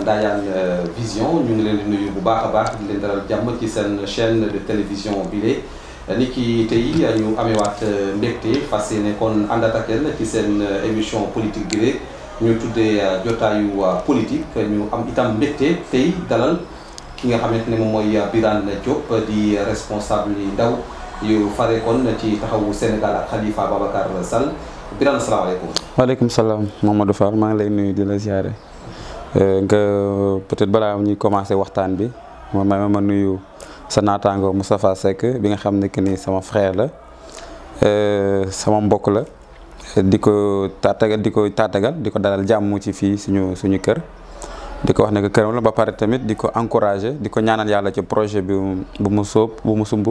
Ndayane euh, Vision ñu ngi leen di nuyu bu baax a baax di leen dalal jàmm ci seen chaîne de télévision bile euh, ni ki tey ñu amewaat euh, mbégte fas yéene kon ànd ak yéen ci seen émission politique bi ñu tuddee jotaayu politique ñu am itam mbégte tey dalal ki nga xamante ne moom mooy Birane Diop di responsable yi ndaw yu fare kon ci taxawu Sénégal ak Khalifa Babacar Sall Birane asalaamaaleykum. waaleykum salaam Mamadou Fall maa ngi lay nuyu di la ziare. Euh, nga peut-être balaa ñuy commencer waxtaan bi ma ma ma nuyu sa naataango Moustapha Seck bi nga xam ne que ni sama frère la euh, sama mbokk la di ko taatagal di ko taatagal di ko dalal jàmm ci fii suñu suñu kër. di ko wax ne que këram la ba pare tamit di ko encourager di ko ñaanal yàlla ci projet bi bu mu sóob bu mu sumb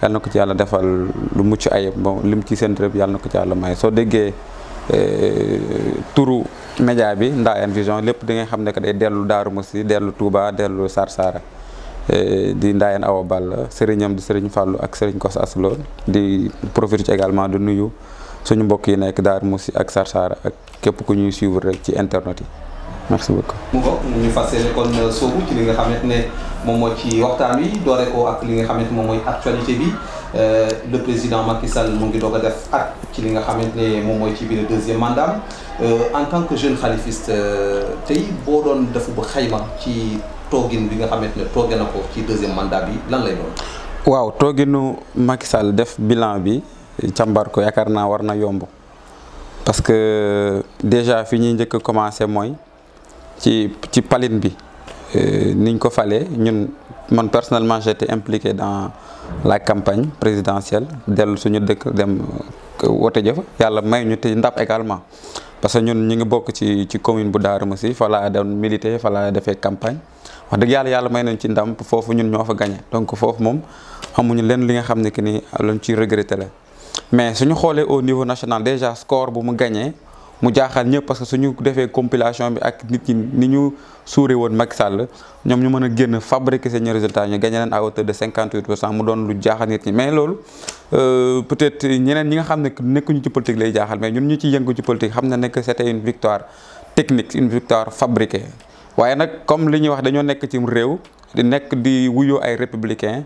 yàlla na ko ci yàlla defal lu mucc ayib bon mu ci seen rëb yàlla na ko ci yàlla may soo déggee euh, turu. média bi Ndayane Vision lépp di nga xam ne que day dellu Daaru Musi dellu Touba dellu Sarsara e, di Ndayane Awa Balla sëriñam di sëriñ Fàllu ak sëriñ Kos Aslo di profiter ci également di nuyu suñu mbokk yi nekk Daaru Musi ak Sarsara ak képp ku ñuy suivre ci internet yi merci beaucoup. mu ñu fas yéene kon sóobu ci li nga xamante ne moom moo ci waxtaan wi doore ak li nga xamante moom mooy actualité bi. Euh, le président Macky Sall mu ngi doog a def at ci li nga xamante ne moom mooy ci biir deuxième mandat euh, en tant que jeune xalifiste euh, tey boo doon def ba xayma ci toogin bi nga xamante ne tooge na ko ci deuxième mandat bi lan lay doon. waaw tooginu Macky Sall def bilan bi càmbar ko yaakaar naa war na yomb parce que déjà fi ñuy njëkk a commencé mooy ci ci palin bi niñ ko falee ñun man personnellement j'étais impliqué dans. la campagne présidentielle dellu suñu dëkk dem euh, wote jëf yàlla may ñu te ndap également parce que ñun ñu ngi bokk ci ci commune bu Darou Moussi fa laa doon milité fa laa defee campagne wax dëgg yàlla yàlla may nañ ci ndam foofu ñun ñoo fa gagné donc foofu moom amuñu leen li nga xam ne que ni luñ ci regretté le mais suñu xoolee au niveau national déjà score bu mu gañee mu jaaxal ñëpp parce que suñu defee compilation bi ak nit ñi ni ñu suuree woon Macky Sall ñoom ñu mën a génn fabriquer seen résultat ñu gagné leen à hauteur de 58 pour cent mu doon lu jaaxal nit ñi mais loolu euh, peut-être ñeneen ñi nga xam ne nekkuñu ci politique lay jaaxal mais ñun ñu ci yëngu ci politique xam na ne que c'était une victoire technique une victoire fabriquée waaye nag comme li ñuy wax dañoo nekk ci réew di nekk di wuyoo ay républicain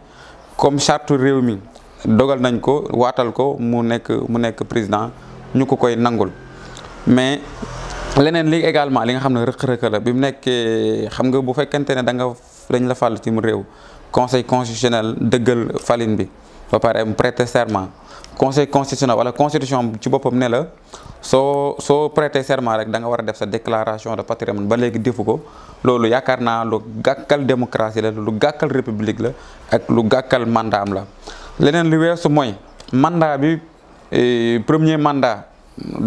comme charte réew mi dogal nañ ko waatal ko mu nekk mu nekk président ñu ko koy nangul mais leneen li également li nga xam ne rëq-rëq la bi mu nekkee xam nga bu fekkente ne da nga dañ la fàll ci mu réew conseil constitutionnel dëggal falin bi ba pare mu prêter serment conseil constitutionnel wala constitution ci boppam ne la soo soo prêter serment rek da nga war a def sa déclaration de patrimoine ba léegi defu ko loolu yaakaar naa lu gàkkal démocratie la lu gàkkal république la ak lu gàkkal mandat am la leneen lu weesu mooy mandat bi eh, premier mandat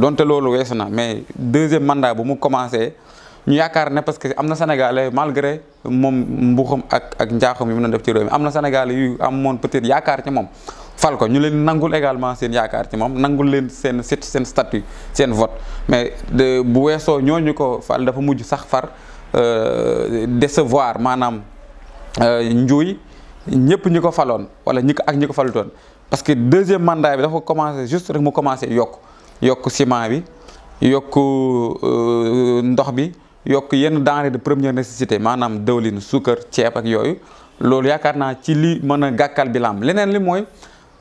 donte loolu weesu na mais deuxième mandat bu mu commencé ñu yaakaar ne parce que am na sénégalais malgré moom mbuxam ak ak njaaxum yi mu doon def ci réew am na sénégalais yu amoon peut-être yaakaar ci moom fal ko ñu leen nangul également seen yaakaar ci moom nangul leen seen sit seen statut seen vote mais bu weesoo ñooñu ko fal dafa mujj sax far euh, décevoir maanaam euh, njuuy ñëpp ñi ko faloon wala ñi ak ñi ko falutoon parce que deuxième mandat bi dafa commencé juste rek mu commencé yokk yokk ciment bi yokk euh, ndox bi yokk yenn denrées de première nécessité maanaam dëwlin suukar ceeb ak yooyu loolu yaakaar naa ci li mën a gàkkal bi lam leneen li mooy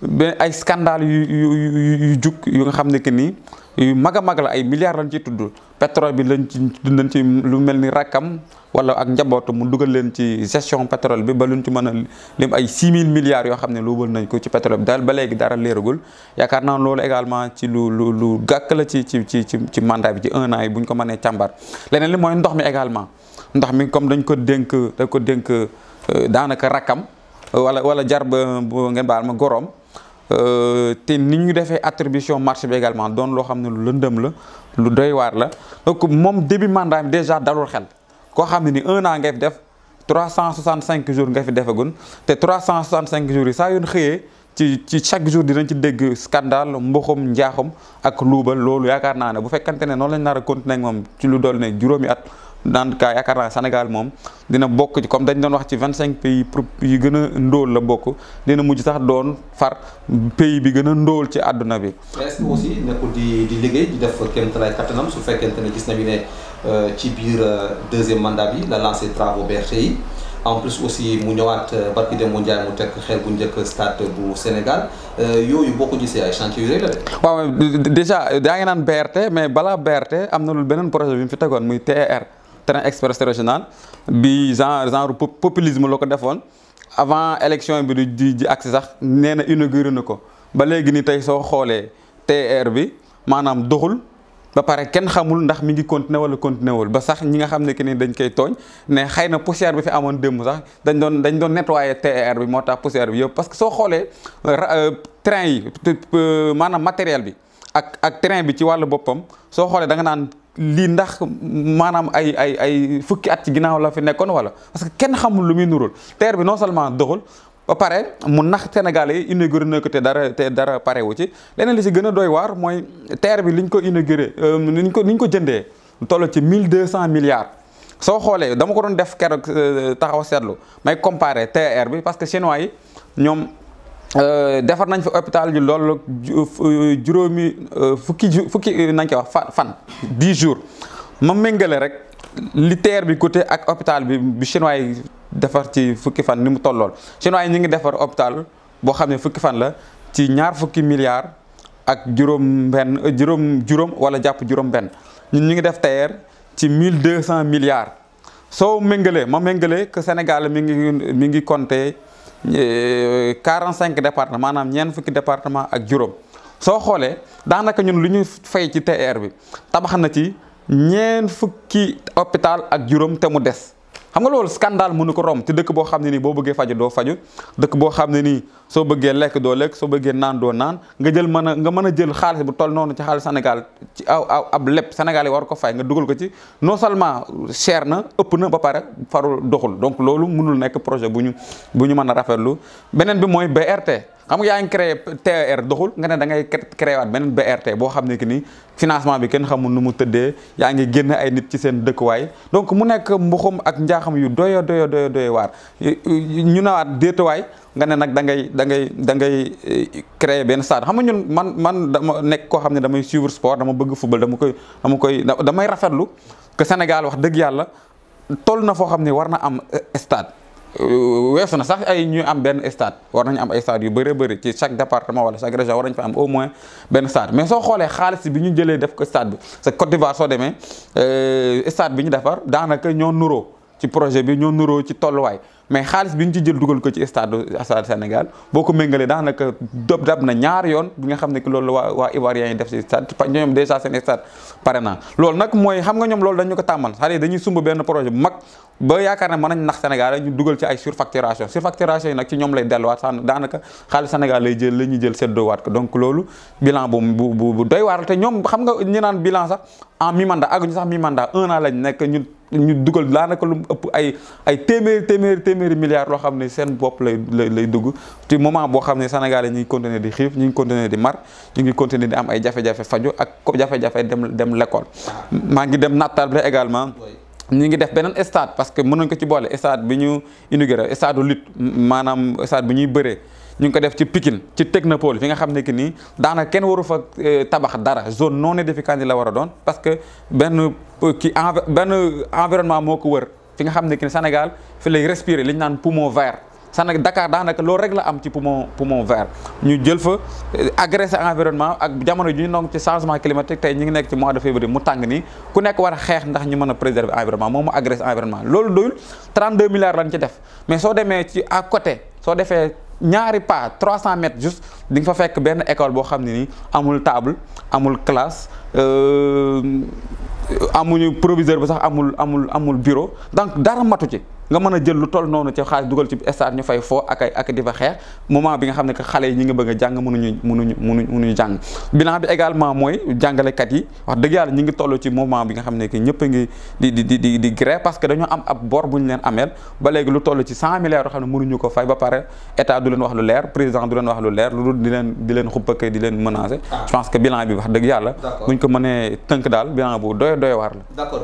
ba ay scandale yu yu yu jug yu nga xam ne que nii yu mag a mag la ay milliards lañ ci tudd pétrole bi lañ ci lañ ci lu mel ni rakkam wala ak njabootu mu dugal leen ci gestion pétrole bi ba luñ ci mën a lim ay 6000 milliards yoo xam ne loo luubal nañ ko ci pétrole bi daal ba léegi dara leeragul yaakaar naa loolu également ci lu lu lu gàkk la ci ci ci ci mandat bi ci un an yi bu ñu ko manee càmbar leneen li mooy ndox mi également ndox mi comme dañ ko dénk dañ ko dénk euh, daanaka rakkam euh, wala wala jar ba ngeen baal ma goroom euh, te ni ñu defee attribution marché bi également doon loo xam ne lu lëndëm la lu doy waar la donc moom début mandat bi déjà dalul xel koo xam ne ni un an ngay fi def 365 jours nga fi defagun te cent 365 jours yi saa yoon xëyee ci ci chaque jour dinañ ci dégg scandale mboxum njaaxum ak luubal loolu yaakaar naa ne bu fekkante ne noonu lañ nar a continuer moom ci lu dool ne juróomi at naan kaa yaakaar naa Sénégal moom dina bokk ci comme dañ doon wax ci vingt cinq pays yu gën a ndóol la bokk dina mujj sax doon far pays bi gën a ndóol ci àdduna bi. est-ce que di liggéey di def kéemtalaay kattanam su gis na Euh, ci biir euh, deuxième mandat bi la lancé travaux BRT yi en plus aussi mu ñëwaat euh, barki dem mu Ndiaye mu teg xel bu njëkk stade bu Sénégal yooyu boo ko gisee ay chantier yu rëy de. daa ngi naan berte mais balaa BRT am na lu beneen projet bi mu fi tegoon muy e TER train express régional bi genre genre populisme la ko defoon avant élection bi du ji di agsi sax nee na inauguré na ko ba léegi ni tey soo xoolee TER bi maanaam doxul. ba pare kenn xamul ndax mi ngi continué wala continué wul ba sax ñi nga xam ne que ni dañ koy tooñ ne xëy na poussière bi fi amoon démb sax dañ doon dañ doon nettoyé TER bi moo tax poussière bi yëpp parce que soo xoolee euh, train yi euh, maanaam matériel bi ak ak train bi ci wàllu boppam soo xoolee da nga naan lii ndax maanaam ay ay ay fukki at ci ginnaaw la fi nekkoon wala parce que kenn xamul lu muy nurul TER bi non seulement doxul ba pare mu nax sénégal yi inauguré na ko te dara te dara pare wu ci leneen li si gën a dooy waar mooy terre bi liñ ko inauguré niñ euh, ko niñ ko jëndee toll ci mille deux cent milliards. soo xoolee dama ko doon def keroog euh, taxaw seetlu may comparer TER bi parce que chinois yi ñoom euh, defar nañ fi hôpital yu loolu juróomi fukki fukki nañ koy wax fan fan dix jours ma méngale rek li TER bi côté ak hôpital bi bi chinois defar ci fukki fan ni mu tollool chinois yi ñu ngi defar hôpital boo xam ne fukki fan la ci ñaar fukki milliards ak juróom benn juróom juróom wala jàpp juróom benn ñun ñu ngi def tailleur ci mille deux cent milliards soo méngalee ma méngalee que Sénégal mi ngi mi ngi compté euh, quarante cinq département maanaam ñeen fukki département ak juróom soo xoolee daanaka ñun lu ñu fay ci TR bi tabax na ci ñeent fukki hôpital ak juróom te mu des xam nga loolu scandale mënu ko romb te dëkk boo xam ne nii boo bëggee faju doo faju dëkk boo xam ne nii soo bëggee lekk doo lekk soo bëggee naan doo naan nga jël mën a nga mën a jël xaalis bu toll noonu ci xaalis Sénégal ci aw aw ab lépp Sénégal yi war ko fay nga dugal ko ci non seulement cher na ëpp na ba pare farul doxul donc loolu mënul nekk projet bu ñu bu ñu mën a rafetlu beneen bi mooy BRT xam nga yaa ngi e doxul nga ne da ngay créé waat beneen BRT boo xam ne que ni financement bi kenn xamul nu mu tëddee yaa ngi génn ay nit ci seen dëkkuwaay donc mu nekk mbuxum ak njaaxam yu doyo doyo doyo doyo waar ñu nawaat déetuwaay nga ne nag da ngay da ngay da ngay eh, benn stade xam nga ñun man man dama nekk koo xam ne damay suivre sport dama bëgg football dama koy dama koy damay rafetlu que Sénégal wax dëgg yàlla toll na foo xam ne war na am eh, stade weesu na sax ay ñuy am benn stade war nañu am ay stade yu bëri bëri ci chaque département wala chaque région war nañu fa am au moins benn stade mais soo xoolee xaalis bi ñu jëlee def ko stade bi sa Côte d'Ivoire soo demee euh, stade bi ñu defar daanaka ñoo nuroo ci projet bi ñoo nuroo ci tolluwaay mais xaalis bi ñu ci jël dugal ko ci stade stade Sénégal boo ko méngalee daanaka dab dab na ñaar yoon nga xam ne loolu waa waa Ivoiriens yi def ci stade ñoom déjà pare na loolu nag mooy xam nga ñoom loolu dañu ko tàmmal c'est-à-dire dañuy sumb benn projet bu mag ba yaakaar ne mën nañ nax Sénégal ñu dugal ci ay surfacturation surfacturation yi nag ci ñoom lay delluwaat sax daanaka xaalis Sénégal lay jël la ñuy jël ko donc loolu bilan bu bu bu doy waar te ñoom xam nga ñu bilan sax en mi mandat sax mi mandat lañ nekk ñun ñu dugal daanaka lu ëpp ay ay téeméeri téeméeri téeméeri milliards loo xam ne seen bopp lay lay dugg ci moment boo xam ne Sénégal yi ñu ngi continuer di xiif ñu ngi continuer di mar ñu ngi continuer di am ay jafe-jafe faju ak jafe-jafe dem dem l'école maa ngi dem Natal bi également ñu ngi def beneen stade parce que nañ ko ci boole stade bi ñu inauguré stade de lutte maanaam stade bi ñuy bëree ñu ngi ko def ci Pikine ci technopole fi nga xam ne que nii daanaka kenn waru fa eh, tabax dara zone non aedificandi la war a doon parce que benn euh, ki benn environnement moo ko wër fi nga xam ne que ni Sénégal fi lay respirer ñu naan poumon vert sana Dakar daanaka loolu rek la am ci poumon poumon vert ñu jël fa eh, agressé environnement ak jamono ji ñu nong ci changement climatique tey ñu ngi nekk ci mois de février mu tàng nii ku nekk war a xeex ndax ñu mën a préserver environnement moom mu agressé environnement loolu doyul 32 milliards lañ ci def mais soo demee ci à côté soo defee ñaari pas trois mètres juste di nga fa fekk benn école boo xam ne ni amul table amul classe euh, amuñu proviseur bi sax amul amul amul bureau donc dara matu ci. nga mën a jël lu toll noonu ci xaalis dugal ci stade ñu fay foo ak di fa xeex moment bi nga xam ne que xale yi ñi nga bëgg a jàng mënuñu mënuñu mënuñ mënuñu jàng bilan bi également mooy jàngalekat yi wax dëgg yàlla ñu ngi toll ci moment bi nga xam ne que ñëpp a ngi di di di di grève parce que dañoo am ab bor bu ñu leen ameel ba léegi lu toll ci cent milliards yoo xam ne mënuñu ko fay ba pare état du leen wax lu leer président du leen wax lu leer lu di leen di leen di leen ah. bi wax dëgg yàlla la d'accord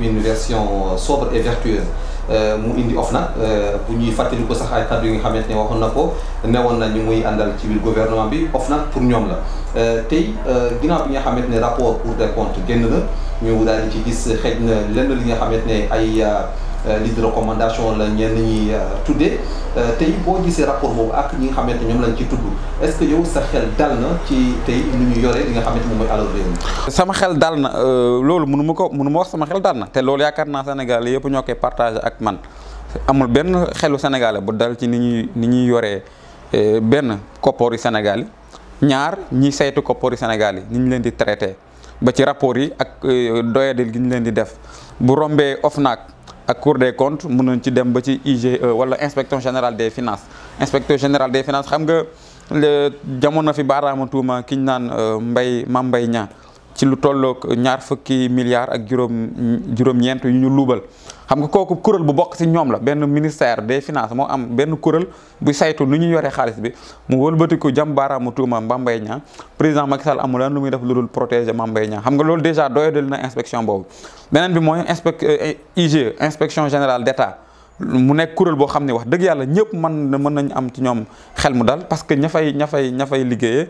bilan version euh, sobre et vertueuse euh, mu indi OFNAC euh, bu ñuy fàttali ko sax ay kaddu yi nga xamante ne waxoon na ko newoon na ñi muy àndal ci biir gouvernement bi OFNAC pour ñoom la tey ginnaaw bi nga xamante ne rapport Cour des comptes génn na ñu daal di ci gis xëj na lenn li nga xamante ne ay Euh, liste de recommandation la ñenn ñi euh, tuddee euh, tey boo gisee rapport boobu ak ñi nga xamante ñoom lañ ci tudd est ce que yow sa xel dal na ci tey lu ñu yore li nga xamante moom mooy alal réew mi sama xel dal na loolu mënu ma ko mënu ma wax sama xel dal na te loolu yaakaar naa Sénégal yëpp ñoo koy partagé ak man amul benn xelu sénégalais bu dal ci ni ñuy ni ñuy yoree benn koppoori Sénégal yi ñaar ñi saytu koppoori Sénégal yi ni ñu leen di traité ba ci rapport yi ak doyadil gi leen di def bu rombee ak cour des comptes mën nañ ci dem ba ci IGE euh, wala inspection général des finances inspecteur général des finances xam nga jamono fi baaraama tuuma ki ñu naan mbay mam mbay ñaa ci lu tollook ñaar fukki milliards ak juróom juróom-ñeent yu ñu luubal xam nga kooku kuréel bu bokk ci ñoom la benn ministère des finances moo am benn kuréel bu saytu nu ñu yore xaalis bi mu wëlbatiku jam baaraamu tuuma Mame Mbaye président Macky Sall amul lan lu muy def lu dul protéger Mame Mbaye xam nga loolu déjà doyadal na inspection boobu beneen bi mooy inspec euh, euh, IG inspection générale d'État mu nekk kuréel boo xam ne wax dëgg yàlla ñëpp mën mën nañu am ci ñoom xel mu dal parce que ña fay ña fay ña fay liggéeyee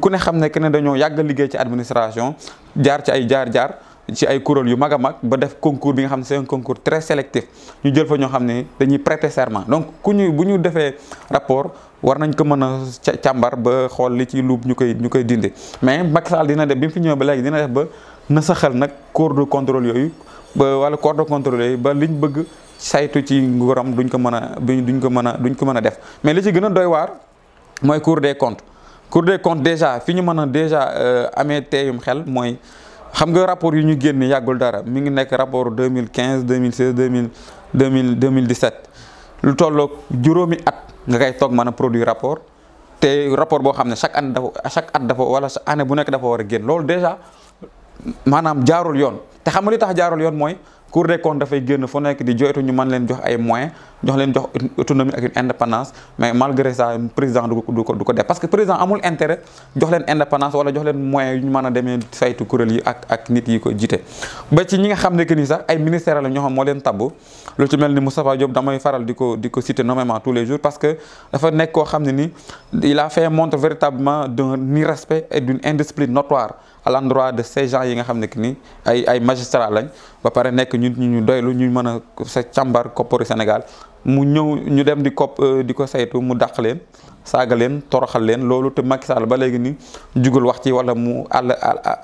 ku ne xam ne que ne dañoo yàgg liggéey ci administration jaar ci ay jaar-jaar ci ay kuréel yu mag a mag ba def concours bi nga xam ne seen un concours très sélectif ñu jël fa ñoo xam ne dañuy prêter serment donc ku ñu bu ñu defee rapport war nañ ko mën a càmbar ba xool li ci luub ñu koy ñu koy dindi mais mag Sall dina def bi mu fi ñëwee ba léegi dina def ba na saxal nag corps de contrôle yooyu ba wala corps de contrôle yooyu ba liñ bëgg saytu ci nguuram duñ ko mën a duñ ko mën a duñ ko mën a def mais li ci gën a doy waar mooy cour des comptes cour de comptes déjà fi ñu mën a déjà euh, amee teeyum xel mooy xam nga rapport yu ñu génne yàggul dara mi ngi nekk rapport 2015 2016 2000 2000 2017 lu tolloog juróomi at nga koy toog mën a produire rapport te rapport boo xam ne chaque année dafa chaque at dafa wala année bu nekk dafa war a génn loolu déjà maanaam jaarul yoon te xam nga li tax jaarul yoon mooy. cour des comptes dafay génn fo nekk di joytu ñu mën leen jox ay moyens jox leen jox autonomie ak indépendance mais malgré ça président du ko du ko def parce que président amul intérêt jox leen indépendance wala jox leen moyens yu ñu mën a demee saytu kuréel yi ak ak nit yi ko jiite. ba ci ñi nga xam ne que ni sax ay ministères la ñoo xam moo leen tabbu lu ci mel ni Moustapha Diop damay faral di ko di ko citer nommément tous les jours parce que dafa nekk koo xam ne ni il a fait montre véritablement d'un irrespect et d'une indiscipline notoire. à l'endroit de ces yi nga xam ne que ni ay ay magistrats lañ ba pare nekk ñu ñu doylu ñu mën a sa càmbar kopparu Sénégal mu ñëw ñu dem di kopp euh, di ko saytu mu dàq leen saaga leen toroxal leen loolu te Macky Sall ba léegi nii jugul wax ci wala mu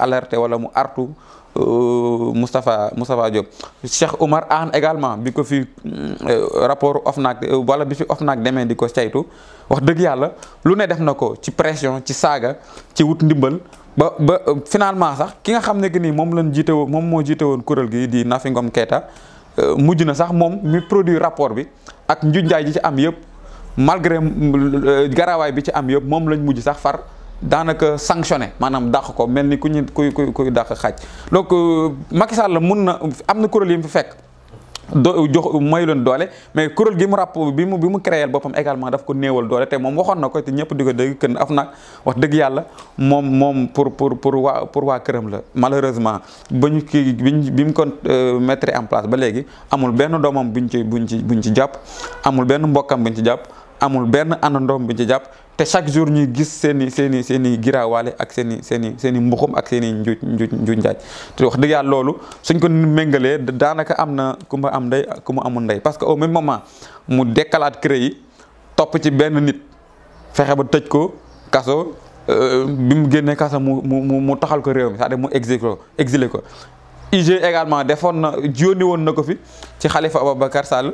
alerté wala mu artu Euh, Moustapha Moustapha Diop Cheikh Omar Anne également bi ko fi euh, rapport nag euh, wala bi fi OFNAC demee di ko saytu wax dëgg yàlla lu ne def na ko ci pression ci saaga ci wut ndimbal ba ba finalement sax ki nga xam ne ki ni moom lañ jiite woon moom moo jiite woon kuréel gi di Nafi Ngom Keita mujj na sax moom mi produit rapport bi ak njuñ njaay ji ci am yëpp malgré garaawaay bi ci am yëpp moom lañ mujj sax far. daanaka sanctionné maanaam dàq ko mel ni ku ñu kuy kuy kuy dàq xaaj donc euh, Macky Sall mun na am na kuréel yi mu fi fekk. do jox mayu leen doole mais kuréel gi mu ràpp bi mu bi mu créé boppam également daf ko néewal doole te moom waxoon na ko te ñëpp di ko dégg kën af nag wax dëgg yàlla moom moom pour pour waa pour waa këram la malheureusement ba ñu kii biñ bi mu ko euh, mettre en place ba léegi amul benn doomam buñ ci buñ ci buñ ci jàpp amul benn mbokkam buñ ci jàpp amul benn àndandoom bi ci jàpp te chaque jour ñuy gis seeni seeni seen i giraawaale ak seen i seen i seen mbuxum ak seeni njuuj njuuj njuuj njaaj te wax dëgg yàlla loolu suñ ko méngalee daanaka am na ku am ndey ku ma amul ndey parce que au même moment mu dekkalaat cré yi topp ci benn nit fexe ba tëj ko kaso euh, bi mu génnee kaso mu mu mu taxal ko réew mi cest mu exilé ko exilé ko IG également defoon na jóoni woon na ko fi ci Khalifa ba Sall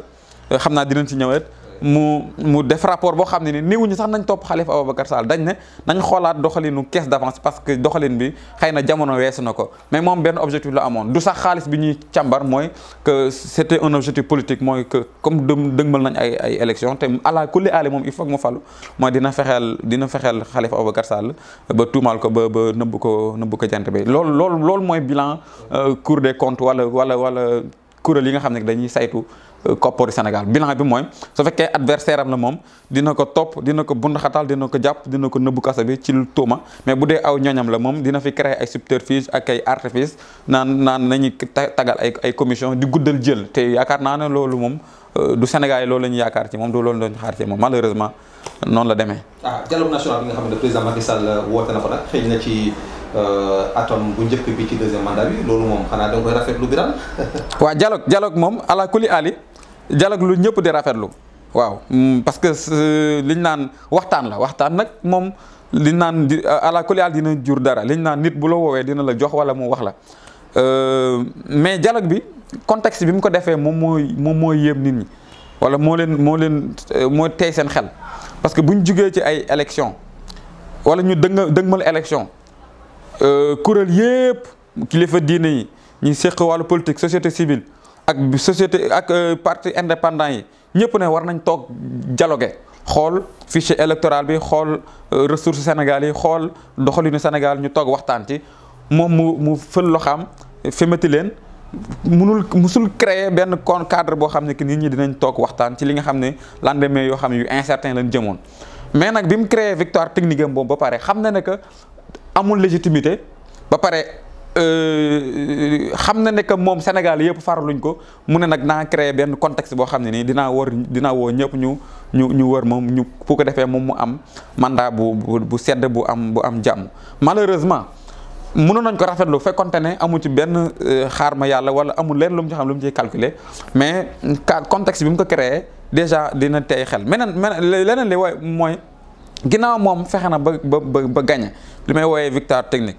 xam naa dinañ ci ñëwaat mu mu def rapport boo xam ne ni néewuñu sax nañ topp Khalifa Ababacar Sall dañ ne nañ xoolaat doxalinu caisse d'avance parce que doxalin bi xëy na jamono wees na ko mais moom benn objectif la amoon du sax xaalis bi ñuy càmbar mooy que c'était un objectif politique mooy que comme dëgmal nañ ay ay élection te ala kulli aale moom il faut que mu falu mooy dina fexeel dina fexeel Khalifa Ababacar Sall ba tuumaal ko ba ba nëbb ko nëbb ko jant bi loolu loolu loolu mooy bilan euh, Cour des comptes wala wala wala kuréel yi nga xam ne dañuy saytu euh, kopparu Sénégal bilan bi mooy su fekkee adversaire am la moom dina ko topp dina ko bund xatal dina ko jàpp dina ko nëbbu kasa bi ci tuuma mais bu dee aw ñooñam la moom dina fi créer ay subterfuge ak ay artifice naan naan nañu tagal ay ay commission di guddal jël te yaakaar naa ne loolu moom euh, du Sénégal yi loolu la yaakaar ci moom du loolu la ñu xaar ci moom malheureusement noonu la demee. ah national bi nga euh, na ko nag xëy na ci. Euh, atom bu njëkk bi ci deuxième mandat bi loolu moom xanaa da nga koy rafetlu biral waaw dialogue dialogue moom ala kuli ali dialogue lu ñëpp di rafetlu waaw mm, parce que euh, liñ naan waxtaan la waxtaan nag moom li naan euh, ala kuli ali dina jur dara liñ naan nit bu la woowee dina la jox wala mu wax la mais dialogue bi contexte bi mu ko defee moom mooy moom mooy yéem nit ñi wala moo leen moo leen moo tey seen xel parce que buñ jugee ci ay élection wala ñu dënga dëngmal élection Euh, kuréel yépp kilifa diine yi ñu seq wàllu politique société civile ak société ak euh, parti indépendant yi ñëpp ne war nañ toog jaloge xool fichier électoral bi xool euh, ressource Sénégal yi xool doxalinu Sénégal ñu toog waxtaan ci moom mu mu fël loxaam fémati leen munul musul créer benn con cadre boo xam ne que nit ñi dinañ toog waxtaan ci li nga xam ne lendemain yoo xam ne yu incertain lañ jëmoon mais nag bi mu créer victoire technique am boobu ba pare xam na ne amul légitimité ba pare euh, xam na ne que moom Sénégal yëpp farluñ ko mu ne nag naa créer benn contexte boo xam ne nii dinaa wër dinaa woo ñëpp ñu ñu ñu wër moom ñu bu ko defee moom mu am mandat bu bu bu sedd bu am bu am jàmm malheureusement. mënoon nañ ko rafetlu fekkonte ne amul ci benn euh, xaar ma yàlla wala amul leen lu mu ci xam lu mu ciy calculer mais contexte bi mu ko créé déjà dina tey xel meneen meneen leneen li mooy ginnaaw moom fexe na ba ba ba ba li may wooyee victoire technique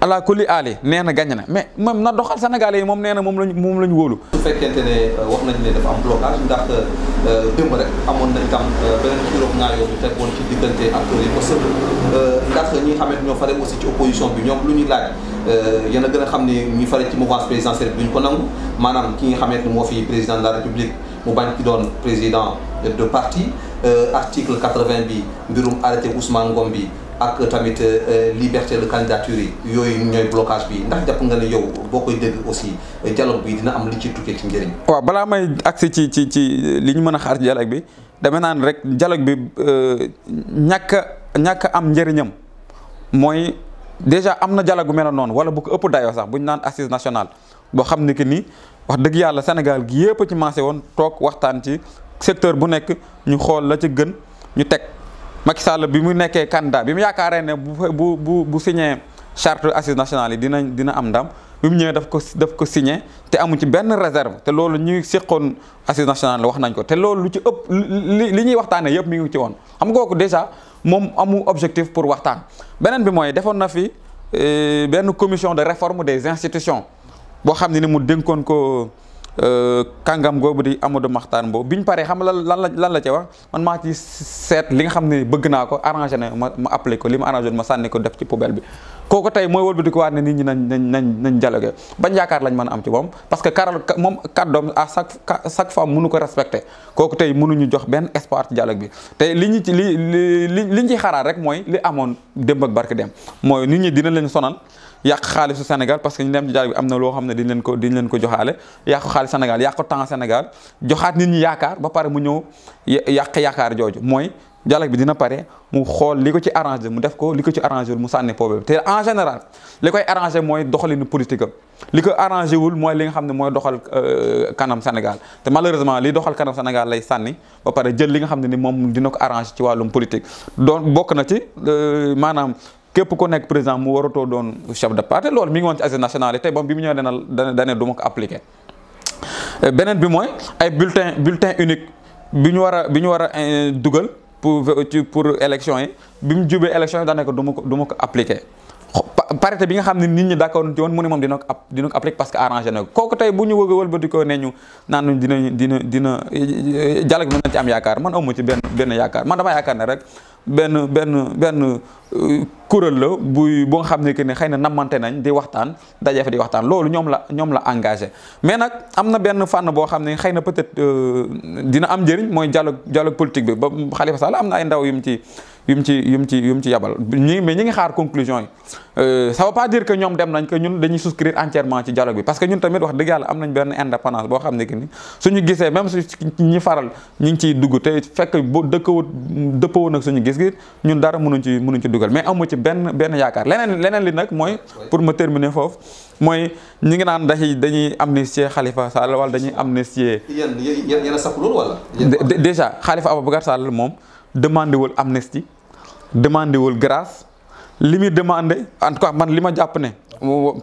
ala kulli aali nee na gagné na mais moom na doxal Sénégalais yi moom nee na moom lañ moom lañ wóolu. su fekkente ne euh, wax nañ ne dafa am blocage ndax euh, euh, démb rek amoon nañ tam beneen xiroog naa yow ñu ci diggante acteurs yi ko sëb ndax ñi nga xam ñoo fare aussi ci opposition bi ñoom lu ñuy laaj yéen a gën a xam ne ñu fare ci mouvance présidentielle bi ñu ko nangu maanaam ki nga xam ne moo fi président de la république mu bañ ci doon président de parti article 80 bi mbirum arrêté Ousmane Ngom bi. ak tamit euh, liberté de candidature yi yooyu ñooy blocage bii ndax jàpp nga ne yow boo koy dégg aussi dialogue bii dina am li ci tukkee ci njëriñ. waaw balaa may agsi ci ci ci li ñu mën a xaar ci bi dama naan rek dialogue bi euh, ñàkk a ñàkk am njëriñam mooy déjà am na dialogue bu mel noonu wala bu ëpp dayoo sax bu ñu naan assise national boo xam ne que nii wax dëgg yàlla Sénégal gi yëpp a ci commencé woon toog waxtaan ci secteur bu nekk ñu xool la ci gën ñu teg. Macky Sall bi mu nekkee candidat bi mu yaakaaree ne bu bu bu bu signé charte assise nationale yi dina dina am ndam bi mu ñëwee daf ko daf te amu ci benn réserve te loolu ñuy séqoon assise nationale wax nañ ko te loolu lu ci ëpp li ñuy waxtaanee yëpp mu ngi ci woon xam nga kooku dèjà moom amu objectif pour waxtaan beneen bi mooy defoon na fi eh, benn commission de réforme des institutions boo xam ne ni mu dénkoon ko. Euh, kàngam googu di Amadou Mahtar boo bi ñu paree xam lan la lan la ca wax man maa ci seet li nga xam ne bëgg naa ko arrangé na ma ma appelé ko li ma arrangé ma sànni ko def ci poubelle bi kooku tey mooy wëlbati ko waat ne nit ñi nañ nañ nañ nañ dialogué bañ yaakaar lañ mën a am ci moom parce que karal moom kàddoom à chaque chaque fois mënu ko respecté kooku tey mënuñu jox benn espoir ci dialogue bi tey li ñu ci li li li ñu ci xaraat rek mooy li amoon démb ak barki dem mooy nit ñi dina leen sonal yàq xaalisu Sénégal parce que ñu dem bi am na loo xam ne diñ leen ko diñ leen ko joxaale yàq xaalis Sénégal yàq ko temps Sénégal joxaat nit ñi yaakaar ba pare mu ñëw yàq yaakaar jooju mooy dialogue bi dina pare mu xool li ko ci arrangé mu def ko li ko ci arrangé wul mu sànni problème te en général li koy arrangé mooy doxalinu politique am li ko arrangé wul mooy li nga xam ne mooy doxal euh, kanam Sénégal te malheureusement li doxal kanam Sénégal lay sànni ba pare jël li nga xam ne ni moom dina ko arrangé ci wàllum politique donc bokk na ci euh, maanaam képp ku nekk président mu waratoo doon chef de parti loolu mi ngi woon ci assises nationales yi bi mu ñëwee dana dane ko appliqué beneen bi mooy ay bulletin bulletin unique bi ñu war a bi ñu war a euh, dugal pour ci pour élection yi bi mu jubee élection yi dane ko duma ma ko du ma ko bi nga xam ni nit ñi d'accord ci woon mu ne moom dina ap dina ko appliqué parce que arrangé na ko kooku tey bu ñu wëg a wëlbatikoo ne ñu naan dina dina dina dialogue bi mën nañ ci yaakaar man amu ci benn benn yaakaar man dama yaakaar ne rek benn benn benn euh, kuréel la buy bu nga xam ne que ni xëy na namante nañ di waxtaan daje fa di waxtaan loolu ñoom la ñoom la engagé mais nag am na benn fànn boo xam ne xëy na peut-être euh, dina am njëriñ mooy dialogue dialogue politique bi ba Khalifa Sall am na ay ndaw yum ci yu mu ci yu mu ci yu mu ci yabal mais ñu ngi xaar conclusion yi euh, ça pas dire que ñoom dem nañ que ñun dañuy souscrire entièrement ci dialogue bi parce que ñun tamit wax dëgg yàlla am nañ benn indépendance boo xam ne que ni suñu gisee même su ñi faral ñu ngi ciy dugg te fekk bu dëkkawu dëppawoo nag suñu gis gi ñun dara mënuñ ci mënuñ ci dugal mais amu ci benn benn yaakaar leneen leneen li nag mooy pour ma terminer foofu mooy ñu ngi naan dañuy dañuy amnistier Khalifa Sall wala dañuy amnistier. yéen yéen yéen a sakku loolu wala. déjà moom demandé wul amnistie. demandé wul grâce li muy demandé en tout cas man li ma jàpp ne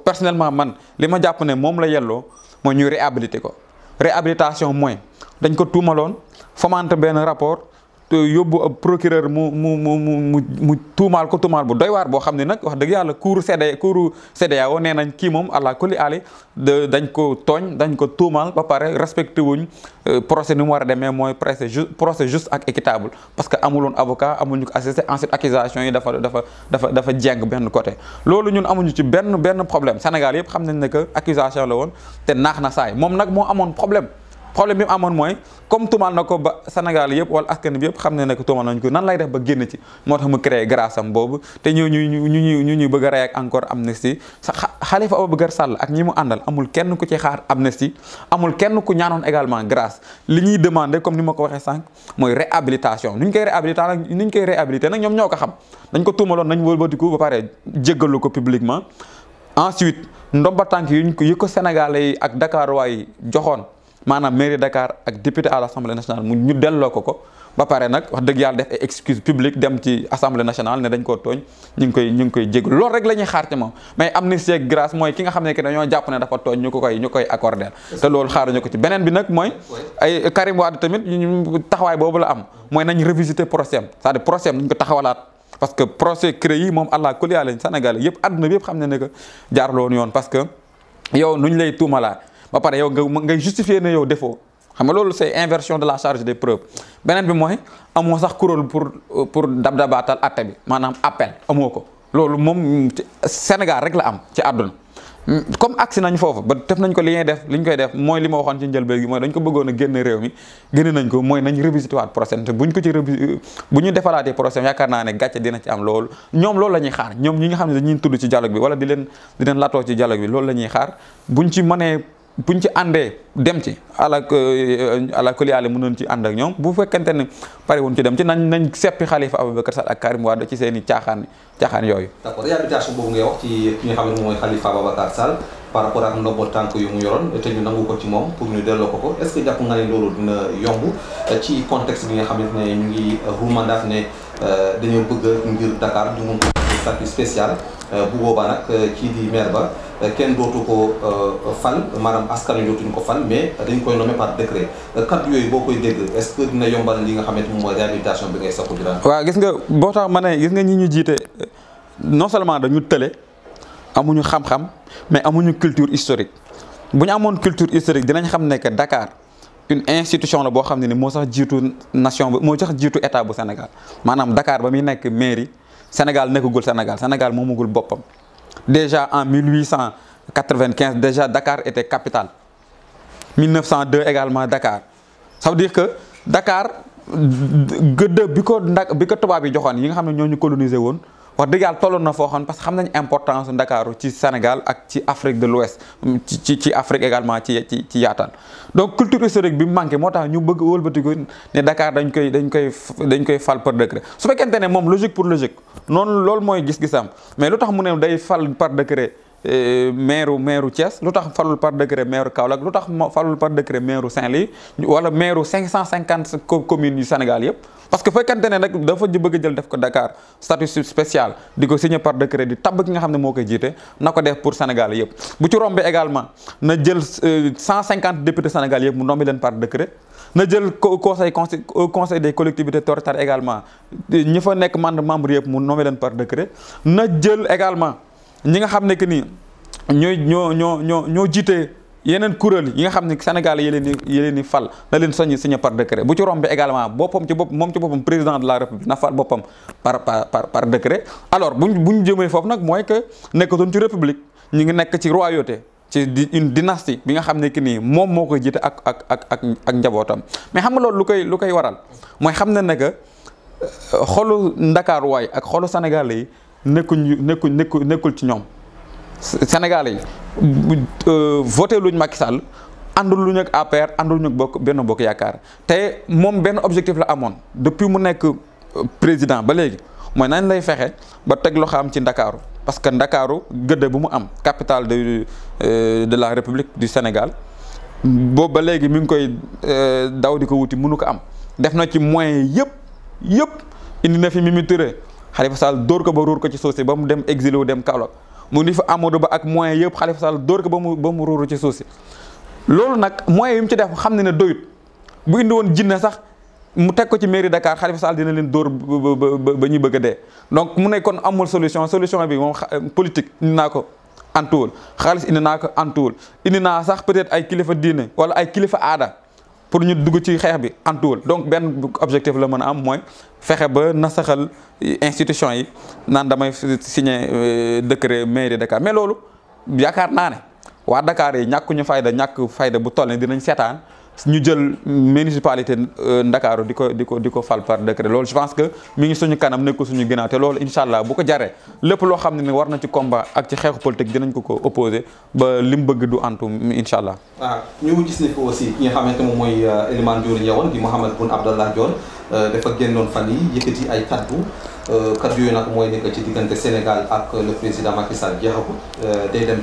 personnellement man li ma jàpp ne moom la yelloo mooy ñu réhabilité ko réhabilitation mooy dañ ko tuumaloon fomante benn rapport yóbbu ab procureur mu mu mu mu mu tuumaal ko tuumaal bu doy waar boo xam ne nag wax dëgg yàlla kuuru CEDEA kuuru CEDEAO woo nee nañ kii moom allah koli ali dañ ko tooñ dañ ko tuumaal ba pare respecté wuñ euh, procès ni mu war a demee mooy procès ju procès juste ak équitable parce que amuloon avocat amuñu ko assisté ensuite accusation yi dafa dafa dafa dafa jeng benn côté loolu ñun amuñu ci benn benn problème Sénégal yëpp xam nañ ne que accusation la woon te naax na saay moom nag moo amoon problème problème bi mu amoon mooy comme na ko ba Sénégal yëpp wala askan yëpp xam ne ne ko tuumaal nañ ko nan lay def ba génn ci moo tax mu créé grâce boobu te ñu ñu ñu ñu ñu ñu bëgg a rey ak encore amnistie sa Khalifa Ababacar Sall ak ñi mu àndal amul kenn ku ci xaar amnistie amul kenn ku ñaanoon également grace li ñuy demande comme ni ma ko waxee sànq mooy réhabilitation nuñ koy réhabilité nag nuñ koy réhabilité nag ñoom ñoo ko xam dañ ko tuumaloon nañ wëlbatiku ba pare jéggalu ko publiquement ensuite ndomba tànk yuñ ko yi ko Sénégalais yi ak dakaaruwaay joxoon maanaam mairie Dakar ak député à l' assemblée nationale mu ñu delloo ko ko ba pare nag wax dëgg yàlla def excuse publique dem ci assemblée nationale ne dañ koo tooñ ñu ngi koy ñu ngi koy jégg loolu rek la ñuy xaar ci moom mais amnistie ak grâce mooy ki nga xam ne que dañoo jàpp ne dafa tooñ ñu ko koy ñu koy accordé te loolu xaaruñu ko ci beneen bi nag mooy ay Karim Wade tamit taxawaay boobu la am mooy nañ revisiter procès am c'est-à-dire ñu ko taxawalaat parce que procès créé yi moom allah kulli lañ yëpp àdduna bi yëpp xam ne ne que jaarloon yoon parce que yow nuñ lay tuumalaa ba pare yow nga ngay justifier ne yow défaut xam loolu c'est inversion de la charge de preuves beneen bi mooy amoo sax kuréel pour pour dab-dabaatal atte bi maanaam appel amoo ko loolu moom Sénégal rek la am ci àdduna comme agsi nañ foofu ba def nañ ko li ñuy def li ñu koy def mooy li ma waxoon ci njëlbéen gi mooy dañ ko bëggoon a génn réew mi génn nañ ko mooy nañ revisité waat procès te ko ci revi bu ñu defalaatee procès yaakaar naa ne gàcce dina ci am loolu ñoom loolu la ñuy xaar ñoom ñi nga xam ne dañuy tudd ci dialogue bi wala di leen di leen latoo ci dialogue loolu la ñuy xaar buñ ci mënee buñ ci àndee dem ci alak euh, ala kuliyaale mënoon ci ànd ak ñoom bu fekkente ne pare wuñ ci dem ci nañ nañ seppi Khalifa Ababacar Sall ak Karim Wade ci seen i caaxaan caaxaan yooyu. d'accord réhabilitation boobu ngay wax ci ki nga xam ne mooy Khalifa Ababacar Sall par rapport yoroon te ci moom pour ñu delloo ko ko est-ce que jàpp nga ne loolu dina yomb ci contexte bi nga xamante ne ñu ngi ruumandaat ne euh, dañoo bëgg ngir Dakar ñu mun ko statut spécial euh, bu boobaa nag kii di maire ba. Euh, kenn dootu ko euh, fan maanaam askan wi dootuñu ko fal mais dañ koy nommé par décret euh, kaddu yooyu boo koy dégg est-ce que dina yombal li nga xamante moom mooy réhabilitation bi ngay sakku jiraan waaw gis nga boo tax ma ne gis nga ñi ñu jiite non seulement dañu tële amuñu xam-xam mais amuñu culture historique bu ñu amoon culture historique dinañ xam ne que Dakar une institution la boo xam ne ni moo sax jiitu nation bi moo sax jiitu état bu Sénégal maanaam Dakar muy nekk mairie Sénégal nekkagul Sénégal Sénégal moomagul boppam Déjà en 1895, déjà Dakar était capitale. 1902 également Dakar. Ça veut que Dakar, gëdd bi ko bi ko tubaab yi joxoon yi nga xam ne ñoo ñu colonisé woon wax dëgg yàlla tolloon na foo xam parce que xam nañ importance Ndakaaru ci Sénégal ak ci Afrique de l'Ouest ci ci Afrique également ci ci ci yaatal donc culture historique bi manqué moo tax ñu bëgg wëlbatiku ne Dakar dañ koy dañ koy dañ koy fal par décret su fekkente ne moom logique pour logique noonu lool mooy gis-gisam mais lu tax mu ne day fal par décret Euh, maire maire Thiès lu tax falul par décret maire Kaolack lu tax falul par décret maire Saint-Louis wala maire cinq cent cinquante commune yu Sénégal yëpp parce que fekkante ne nag dafa bëgg jël def ko Dakar statut spécial di ko signé par décret di tabb ki nga xam ne moo koy jiite na ko def pour Sénégal yëpp bu ci rombé également na jël euh, cent cinquante députés Sénégal yëpp mu nombi leen par décret na jël conseil euh, conseil des collectivités territoriales également ñi fa nekk membre yëpp mu nombi leen par décret na jël également ñi nga xam ne que ni ñooy ñoo ñoo ñoo ñoo jiite yeneen kuréel yi nga xam ne Sénégal yi leen di yi fal na leen soññi signé par décret bu ci rombé également boppam ci bopp moom ci boppam président de la république na fal boppam par par par par décret alors bu ñu jëmee foofu nag mooy que nekkatoon ci république ñu ngi nekk ci royauté ci une dynastie bi nga xam ne que nii moom moo koy jiite ak ak ak ak njabootam mais xam nga loolu lu koy lu koy waral mooy xam na ne que xolu Ndakaaru ak xolu Sénégal yi. nekkuñ nekkuñ nekku nekkul ci ñoom Sénégalais yi euh, voté luñ Macky Sall àndul luñ ak APR àndul ñu bokk benn bokk yaakaar te moom benn objectif la amoon depuis mu nekk euh, président ba léegi mooy nañ lay fexe ba teg loxo am ci Ndakaaru parce que Ndakaaru gëdd bu mu am capital de euh, de la République du Sénégal boobu ba léegi mi ngi koy daw di ko wuti mënu ko am def na ci moyens yëpp yëpp indi na fi Mimi Khalifa Sall dóor ko ba ruur ko ci suuf ba mu dem exilé wu dem Kaolack mu ni fa Amadou Ba ak moyens yëpp Khalifa saal dóor ko ba mu ba mu ruuru ci suuf loolu nag moyen yi mu ci def xam ne ne doyut bu indi woon jinne sax mu teg ko ci mairie Dakar Khalifa Sall dina leen dóor ba ñuy bëgg a dee donc mu ne kon amul solution solution bi moom politique indi naa ko antuwul xaalis indi naa ko antuwul indi naa sax peut-être ay kilifa diine wala ay kilifa aada pour ñu dugg ci xeex bi antuwul donc benn objectif la mën a am mooy fexe ba nasaxal institution yi naan damay signé euh, décret mairie de Dakar mais loolu yaakaar naa ne waa Dakar yi ñàkkuñu fayda ñàkk fayda bu toll nii dinañ seetaan. ñu jël municipalité euh, Ndakaaru di ko di ko di ko fal par décret loolu je pense que mi ngi suñu kanam nekk suñu ginnaaw lool loolu incha allah bu ko jaree lépp loo xam ne ne war na ci combat ak ci xeexu politique dinañ ko ko opposé ba li mu bëgg du antu incha allah. waaw ñu gis ni ko aussi ki nga xamante moom mooy euh, Elimane Diouri Ndiawane di Mouhamed Boun Abdallah Dionne euh, dafa génnoon fan yi yëkkati ay kaddu kaddu yooyu nag mooy nekk ci diggante Sénégal ak le président Macky Sall jeexagul day dem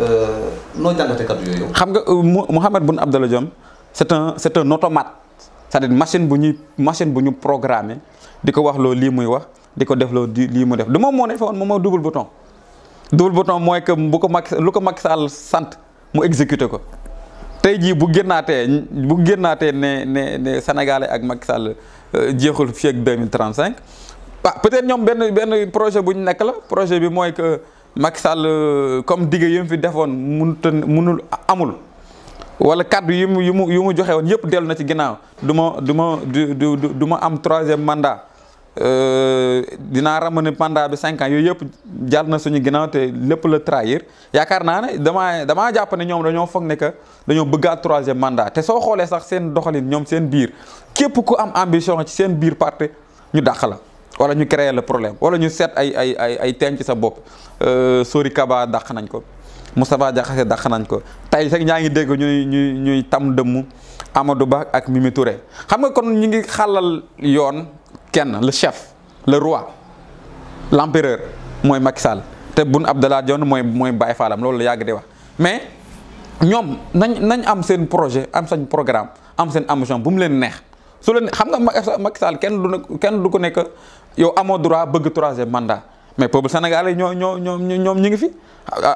Euh, noo jàngatee kaddu yooyu. xam nga euh, Mouhamed Boun Abdallah Dionne c'est un c'est un automate c'est-à-dire machine bu ñuy machine bu ñu programme di ko wax loo lii muy wax di ko def loo lii mu def du moom moo ne fa woon moom moo double bouton. double bouton mooy que bu ko Macky lu ko Macky Sall sant mu exécuté ko tey jii bu génnaatee bu génnaatee ne ne ne sénégalais ak Macky Sall euh, jeexul fii ak 2035 ah peut-être ñoom benn benn projet bu ñu nekk la projet bi mooy que. Macky Sall euh, comme digg yi fi defoon mënut mënul amul wala kaddu yi mu yu mu yu mu joxe yëpp dellu na ci ginnaaw du ma du ma du du du am troisième mandat euh, dinaa ramener mandat bi cinq ans yooyu yëpp jàll na suñu ginnaaw te lépp la trahir yaakaar naa ne damaa damaa jàpp ne ñoom dañoo foog ne que dañoo bëggaat troisième mandat te soo xoolee sax seen doxalin ñoom seen biir képp ku am ambition ci seen biir parti ñu dàq la. wala ñu créer le problème wala ñu seet ay ay ay ay teem ci sa bopp euh, Sori Kaba dàq nañ ko Moustapha Diakhaté dàq nañ ko tey sax ñaa ngi dégg ñuy ñuy ñuy tam dëmm Amadou Ba ak Mimi Touré xam nga kon ñu ngi xàllal yoon kenn le chef le roi l'empereur mooy Macky Sall te Boun Abdallah Dionne mooy mooy Baye Fallam loolu la yàgg de wax mais ñoom nañ nañ am seen projet am sañ programme am seen ambition bu mu leen neex su leen xam nga Macky Sall kenn du ko nekk yow amoo droit bëgg troisième mandat mais peuple sénégalais ñoo ñoo ñoom ñoom ñu ngi fi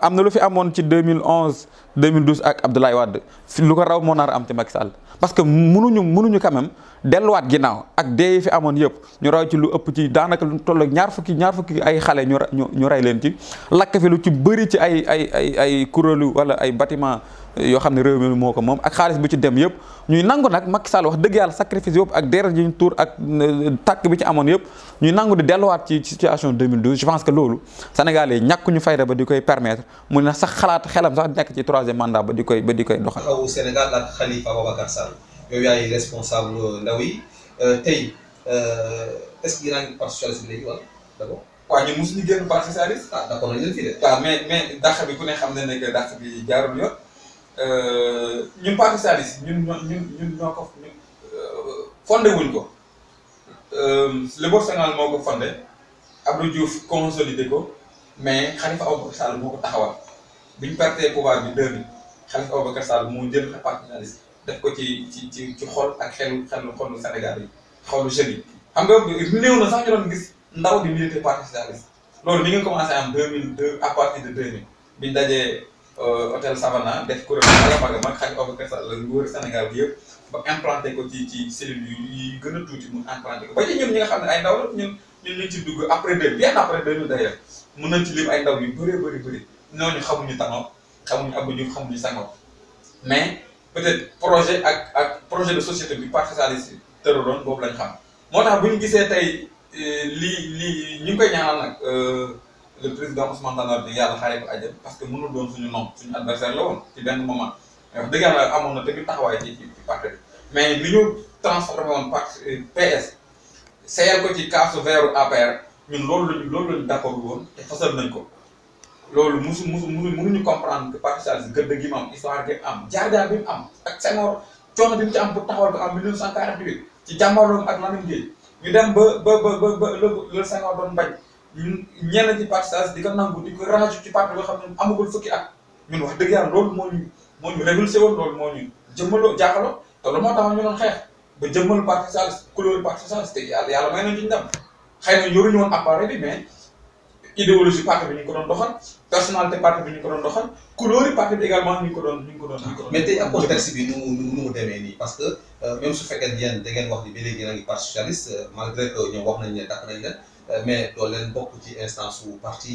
am na lu fi amoon ci mille 2011 2012 ak Abdoulaye Wade lu ko raw moo nar am ci Macky Sall parce que mënuñu mënuñu quand même delluwaat ginnaaw ak dee fi amoon yëpp ñu raw ci lu ëpp ci daanaka lu toll ak ñaar fukki ñaar fukki ay xale ñu ñu rey leen ci lakk fi lu ci bëri ci ay ay ay ay kuréelu wala ay bâtiment yoo xam ne réew mi moo ko moom ak xaalis bu ci dem yëpp ñuy nangu nag Macky Sall wax dëgg yàlla sacrifice yëpp ak deret yi ñu tuur ak euh, tàkk bi ci amoon yëpp ñuy nangu di delluwaat ci situation 2012 je pense que loolu Sénégalais ñàkk ñu fayda ba di koy permettre mu ne sax xalaat xelam sax nekk ci troisième mandat ba di koy ba di koy doxal. Taxawu Sénégal ak Khalifa Babacar Sall. yow yaay responsable euh, ndaw yi euh, tey euh, est-ce que yéen a ngi parti socialiste bi léegi wala d'abord. waaw ñun mosuñu génn parti socialiste. ah d'accord nañu fii de. waaw mais mais dàq bi ku ne xam ne que dàq bi jaarul yoon ñun parti socialiste ñun ñun ñun ñoo ko ñun fondé wuñ ko le Bor moo ko fondé Abdou Diouf consolidé ko mais Khalifa Aboubacar Sall moo ko taxawal bi ñu perdee pouvoir bi 2000 Khalifa moo jël parti socialiste. def ko ci ci ci ci xol ak xelu xelu xolu Sénégal yi xolu jeunes yi xam nga néew na sax ñu gis ndaw di militer parti socialiste loolu mi nga commencé am deux mille deux de deux mille biñ dajee euh, hôtel Savana def kuréel mag a mag a mag xaj Aboubacar Sall Sénégal bi yëpp ba implanté ko ci ci cellules yi gën a tuuti mu implanté ko ba ci ñun ñi xam ne ay ndaw ñun ñun ñu ci dugg après deux bien après deux mille d'ailleurs mën nañ ci lim ay ndaw yu bëree bëri bëri ñooñu xamuñu Tanor xamuñu Abdou Diouf xamuñu Senghor mais peut-être projet ak ak projet de société bi parti socialiste tëraloon boobu lañ xam moo tax bu ñu gisee tey euh, lii lii ñu ngi koy ñaanal nag euh, le président Ousmane Tanor Dieng yàlla xaaree ko àjjana parce que mënul doon suñu nom suñu adversaire la woon ci benn moment mais wax dëgg yàlla amoon na dëgg taxawaay ci ci parti mais li ñu transformé woon parti euh, PS seeyal ko ci kaasu veeru APR ñun loolu lañu loolu lañu d'accord woon te fasal nañ ko. loolu musu musu mënuñu comprendre que Pape Sadio gëdd gi mu am histoire bi am jaar-jaar bi mu am ak Senghor coono bi mu ci am pour taxawal ko am 1948 ci jàmbarloom ak Lamine Gueye ñu dem ba ba ba ba le le Senghor doon bañ ñun ñenn ci Pape Sadio di ko nangu di ko rajo ci parti boo xam ne amagul fukki at ñun wax dëgg yàlla loolu moo ñu moo ñu révulsé woon loolu moo ñu jëmmaloo jaaxaloo te loolu moo taxoon ñu doon xeex ba jëmmal Pape Sadio couleur Pape Sadio te yàlla yàlla may nañu ci ñu dem xëy na yoruñu woon appareil bi idéologie parti bi ñu ngi ko doon doxal personnalité parti bi ñu ngi ko doon doxal couleur parti bi également ñu ngi ko doon ñu ngi ko doon. mais tey ak contexte bi nu nu mu demee nii parce que euh, même su fekkee ne yéen da wax ni ba léegi yéen socialiste euh, malgré que ñoom wax nañ ne dàq nañ leen euh, mais doo leen bokk ci instance su parti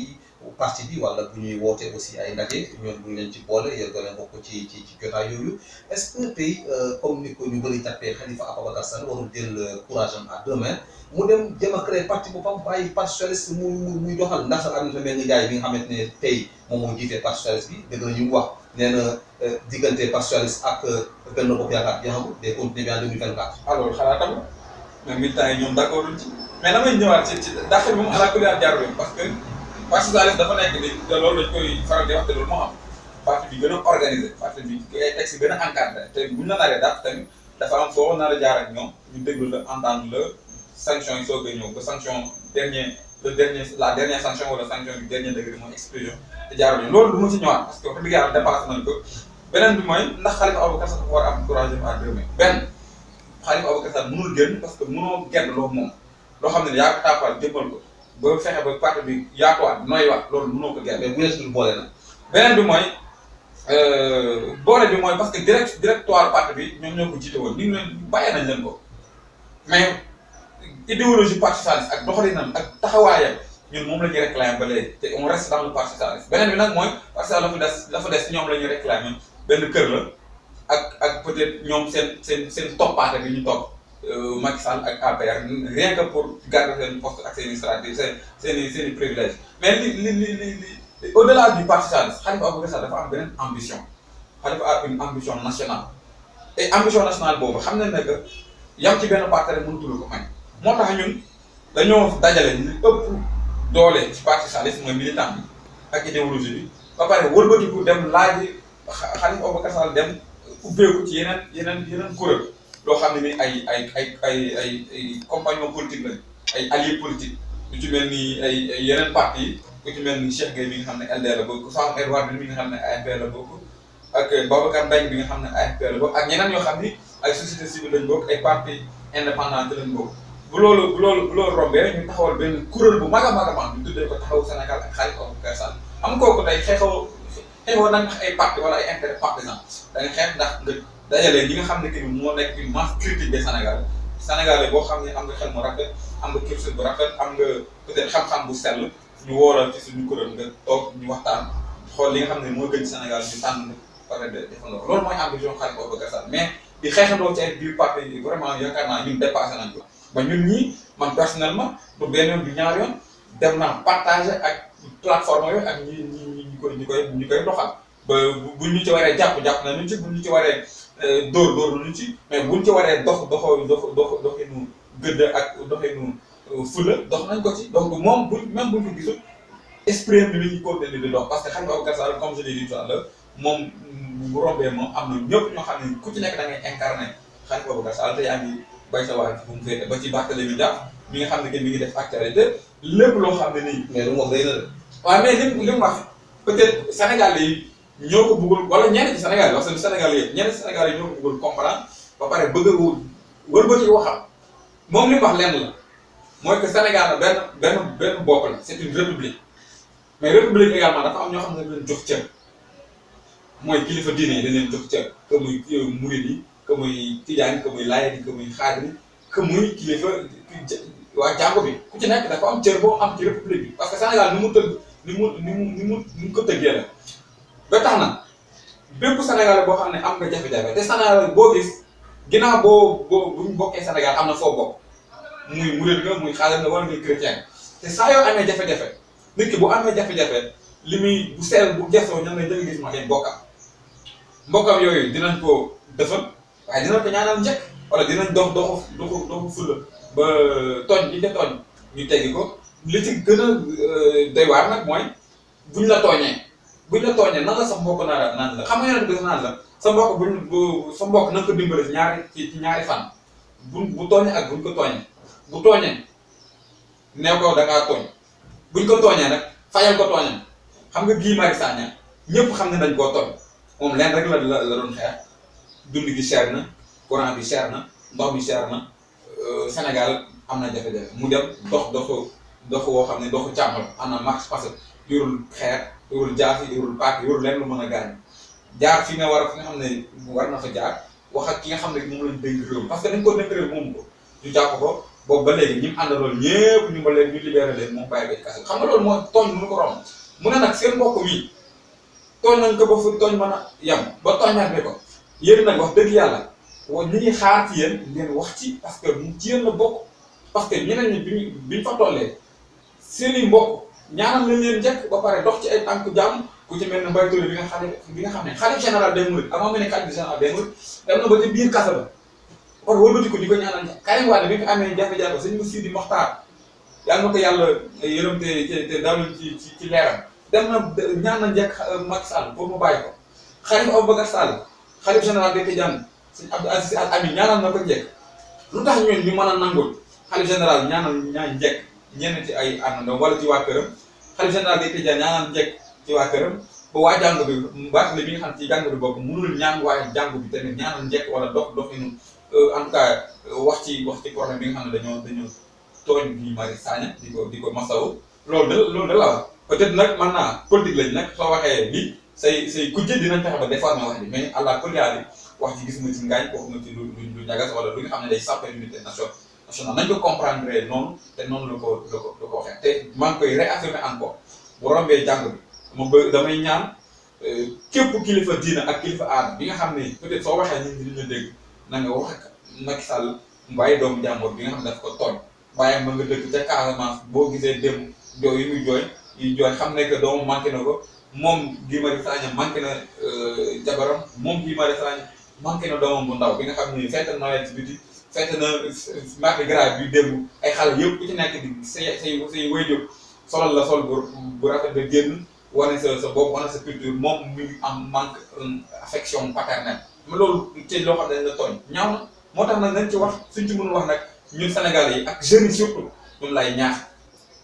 parti bi wala bu ñuy woote aussi ay ndaje ñoom bu ñu leen ci boole yéen doole bokk ci ci ci jotaay yooyu est-ce que tey euh, comme ni ko ñu bëri jàppee Khalifa Ababacar Sall warul jël euh, courage am à deux mains mu dem jëm a créer parti boppam bàyyi parti socialiste mu muy doxal ndax am na fa mel ni jaay bi nga xamante ne tey moom moo jiite parti socialiste bi dëgg la ñu wax nee na euh, diggante parti socialiste ak benn bopp yaakaar jeexagul day continuer bi en 2024. alors xalaatam même militants yi ñoom d'accord ci mais damay ñëwaat ci ci dàq bi moom alaakulli aar jaarul parce que. partisanisme dafa nekk ni te loolu lañ koy faral di wax te loolu moo am parti bi gën a organisé parti bi ay texte gën a encadré te buñ la naree dàq tamit dafa am foo nar a jaar ak ñoom ñu déglu la entendre la sanction yi soog a ñëw ba sanction dernier le dernier la dernière sanction wala sanction du dernier degré mooy exclusion te jaarul yoon loolu du ma si ñëwaat parce que wax dëgg yàlla dépassé nañ ko beneen bi mooy ndax Khalifa Ababacar Sall dafa war a am courage à deux benn Khalifa Ababacar Sall mënul génn parce que mënoo genn loo moom loo xam ne yaa ko tàppal jëmbal ko ba fexe ba parti bi yaatuwaat nooy wax loolu mënoo ko gerte bu yeesul boole na beneen bi mooy euh, boole bi mooy parce que direct directoire parti bi ñoom ñoo ko jiite woon ni ñu leen bàyyee nañ leen ko mais idéologie parti socialiste ak doxalinam ak taxawaayam ñun moom la ñuy réclamer ba léegi te on reste dans le parti beneen bi nag mooy parti socialiste la fa des des ñoom la ñuy benn kër la ak ak peut-être ñoom seen seen seen toppaate bi ñu topp. Euh, Macky Sall ak APR pour garder seen poste ak seen i stratégie seen seen i seen i privilège mais li li li li au delà du parti socialiste Khalifa Ababacar Sall dafa ambition Khalifa a une ambition nationale et ambition nationale boobu xam nañ ne que yam ci benn parti rek mënatul ko may moo tax ñun dañoo dajale ñu ëpp doole ci parti socialiste mooy militant bi ak idéologie bi ba pare wëlbatiku dem laaj Khalifa Ababacar Sall dem ubbeeku ci yenan yeneen yeneen kuréel. loo xam ne ni ay ay ay ay ay ay compagnon politique lañ ay allié politique ku ci mel ni ay ay yeneen parti yi ku ci mel ni Cheikh nga xam ne LD la bokk Soham El Wardini mi nga xam ne AFP la bokk ak Babacar Mbaye bi nga xam ne AFP la bokk ak ñeneen ñoo xam ni ay société civile lañ bokk ay parti indépendante lañ bokk bu loolu bu loolu bu loolu rombee ñu taxawal benn kuréel bu mag a mag a mag ñu tuddee ko taxawu Sénégal ak Khalifa Ababacar ay parti wala ay intérêt xeex ndax nga dajale ñi nga xam ne que ni moo nekk une masse critique des Sénégalais boo xam ne am nga xel mu rafet am nga culture bu rafet am nga peut-être xam-xam bu sell ñu wóoral ci suñu kuréel nga toog ñu waxtaan xool li nga xam ne moo gën Sénégal ñu tànn pare de defandoo loolu mooy ambition Khalifa Ababacar Sall mais di xeexandoo ci ay biir parti yi vraiment yaakaar naa ñun dépassé nañ ko ba ñun ñii man personnellement du benn yoon du ñaar yoon dem naa partagé ak plateforme yooyu ak ñi ñi ñu koy ñu koy ba bu ñu ci waree jàpp jàpp na ñu waree Euh, dóor dóor lu ci mais bu ci waree dox doxoo dox dox doxinu gëdd ak doxinu euh, fula dox nañ ko ci donc moom buñ même buñ ko gisul esprit bi la ñuy continuer di dox parce que xam nga Aboubacar Sall comme je l'ai dit tout à l'heure moom bu rombee moom am na ñëpp ñoo xam ne ku ci nekk da ngay incarné xam nga Aboubacar Sall te yaa ngi bay sa waay fu mu féete ba ci Barthélémy Dias mi nga xam ne kenn mi ngi def actualité lépp loo xam ne nii. mais lu mu wax ñoo ko bëggul wala ñenn ci Sénégal yi ñenn ci Sénégal yi ñoo ko bëggul comprendre ba pare bëgg a wëlbati waxam moom li mu wax lenn la mooy que benn benn benn bopp la c'est une république mais république également dafa am ñoo xam ne dañ leen cër mooy kilifa diine yi dañ leen jox cër que muy murid yi que muy tijaan que muy laayeen yi muy xaadir yi que muy kilifa waa jàngo bi ku ci nekk dafa am cër boo am ci république bi parce que Sénégal ni mu tëgg ni mu ni mu ni mu ni ba tax na bépp Sénégal boo xam ne am nga jafe-jafe te Sénégal boo gis ginnaaw boo bu ñu bokkee Sénégal am na foo bokk muy murid nga muy xaalis nga wala muy chrétien te saa yoo amee jafe-jafe nit ki bu amee jafe-jafe li muy bu seel bu gëstoo ñoom lay jël gis ma leen mbokkam mbokkam yooyu dinañ ko defal waaye ko wala dinañ dox doxu doxu fulla ba tooñ li ca tooñ ñu teggi ko li ci gën a euh, doy waar nag mooy buñ la tooñee. buñ la tooñee nan sa mbokk xam nga yeneen bés naan na ko dimbali si ñaari ci fan bu tooñee ak buñ ko tooñee bu tooñee nee ko da tooñ buñ ko tooñee nag fayal ko tooñam xam nga Guy Marius Sagna ñëpp xam ne dañ koo tooñ moom leen rek la doon xeex dund gi cher na courant bi cher na ndox bi cher na euh, Sénégal am na jafe-jafe mu dem dox doxu dox woo xam ne doxu càmmal am na marche parce que jurul yorul jaasi yorul paak yorul lenn lu mën a gaañ jaar fi nga war a fi nga xam ne war na fa jaar wax ak ki nga xam ne moom lañ dénk réew parce que dañ ko dénk réew moom ko ñu jàpp ñi mu àndaloon ñëpp ñu ba leen ñu libéré leen moom bàyyi ba kase xam nga loolu mooy tooñ mënu ko romb mu ne nag seen mbokk mi tooñ nañ ko ba fu tooñ mën a yem ba tooñaate ko yéen nag wax dëgg yàlla wa ñu ngi xaar ci yéen wax ci parce que mu ci yéen la bokk parce que ñeneen ñi bi ñu bi ñu fa seen i mbokk ñaanal lañ leen njëkk ba pare dox ci ay tànk jàmm ku ci bi nga xam ne bi nga xam ne xalif général des Mourides dem na ba ci biir kasa ba kon wëlbati ko di ko ñaanal njëkk Karim Wade bi nga amee jafe-jafe sëñ mu Sidi Mokhtar yàlla na ko yàlla yërëm te te te dalul ci ci ci dem na ñaanal njëkk euh, Macky Sall pour mu bàyyi ko Khalifa Aboubacar Sall xalif général des Tidianes sëñ Abdou Aziz Al Amin na lu tax ñun ñu a nangul xalif général ñenn ti ay àndandoo wala ci waa këram xalif général day tëjee ñaanaan jekk ci waa këram ba waa jàngu bi baax li bi nga xam ci jàngu bi bokk mënul ñaan waa jàngu bi tamit ñaanal njekk wala dox doxinu euh, en tout cas euh, wax ci wax ci problème bi nga xam ne dañoo dañoo tooñ bi Mari Sagna di ko di ko masawu loolu de loolu de la wax peut-être nag man naa politique lañ nag soo waxee bi say say kujje dinañ fexe ba déformer wax ji mais àlla kulli aali wax gis nga ci ngaañ wax nga ci lu lu ñagas wala parce nañ ko comprendre noonu te noonu la ko la ko la ko waxee te maa ngi koy réaffirmer encore bu rombee jàng bi ma bëgg damay ñaan euh, képp kilifa diina ak kilifa aada bi nga xam ne peut-être soo waxee ñun dinañu dégg na nga wax ak Macky Sall mbàyyi doomu jàmbur bi nga xam ne daf ko tooñ bàyyi ma nga dëkk ca Casamance boo gisee démb jooy yi muy jooy yi jooy xam ne que doomu manqué na ko moom Guy Marius Sagna manqué na euh, jabaram moom Guy Marius Sagna manqué na doomam bu ndaw bi nga xam ne fekk na fekk na mardi gras bi démb ay xale yëpp ku ci nekk di say say say wayjur solal la sol bu rafet ba génn wane sa sa bopp wane sa culture moom mi am manque affection paternelle ma loolu ci loo xam ne dañ la tooñ ñaaw na moo tax nag nañ ci wax suñ ci mënul wax nag ñun Sénégal yi ak jeunes yi surtout ñun lay ñaax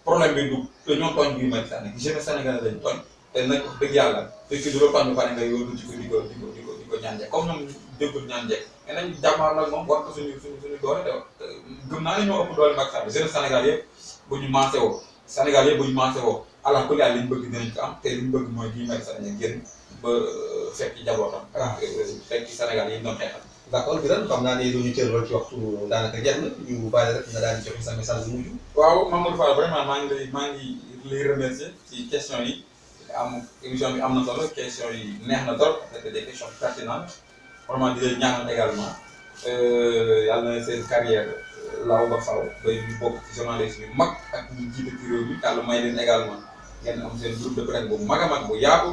problème bi du te ñoo tooñ bi Macky Sall nag jeune Sénégal lañ tooñ te nag wax yàlla te ki du la tooñ ba pare nga yóbbu ci di ko di ko ñaan njëkk comme ñoom déggul ñaan njëkk mais nañ jàmmaarloo moom war ko suñu suñu suñu doole te gëm naa ne ñoo ëpp doole Macky Sall jeune Sénégal yëpp bu ñu mancé woo Sénégal yëpp bu ñu mancé woo ala kulli li ñu bëgg dinañ ko am te li ñu bëgg mooy ñuy Macky Sall ñu génn ba euh, fekki njabootam. ak ah. euh, fekki Sénégal yi ñu doon xeexal. d' accord bi ren xam naa ne duñu cër lool ci waxtu daanaka jeex na ñu bàyyi rek nga daal di joxe sa message bu mujj. waaw Mamadou Fall vraiment maa ngi lay maa ngi lay remercier ci question yi am émission bi am na solo question yi neex na trop c'était des questions pertinentes vraiment di leen ñaanal également euh, yàlla na seen carrière laaw ba faaw ba ñu bokk ci journaliste yu mag ak ñu jiite ci réew mi may leen également ngeen am seen groupe de presse bu mag a mag bu yaatu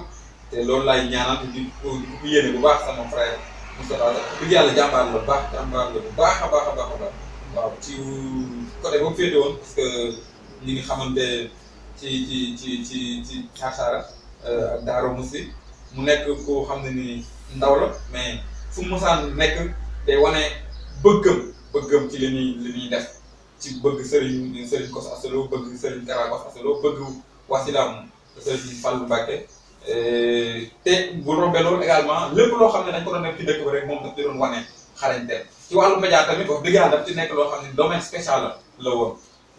te loolu laay ñaanal te di ko di ko yéene bu baax sama frère Moustapha dëgg yàlla jàmbaar la baax jàmbaar la bu baax a baax a a waaw ci côté boobu féete woon parce que ngi xamante. ci ci ci ci ci Sarsara euh, Daaro Moussi mu nekk koo xam ne ni ndaw la mais fu mu nekk day wane bëggam bëggam ci li ñuy li ñuy def ci bëgg Serigne Serigne Kos Asolo bëgg Serigne Kara Kos Asolo bëgg Wasilam Serigne Fallou Mbacké euh, te bu rombee loolu également lépp loo xam ne dañ ko doon def ci dëkk bi rek moom daf di doon wane xarañteem ci wàllu média tamit wax dëgg yàlla daf ci nekk loo xam ne domaine spécial la la woon.